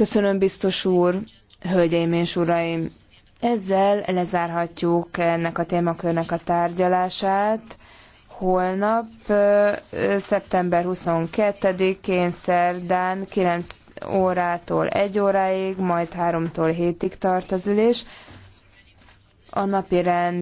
Köszönöm, biztos úr, hölgyeim és uraim! Ezzel lezárhatjuk ennek a témakörnek a tárgyalását. Holnap, szeptember 22-én, szerdán 9 órától 1 óráig, majd 3-tól 7-ig tart az ülés. A napi rend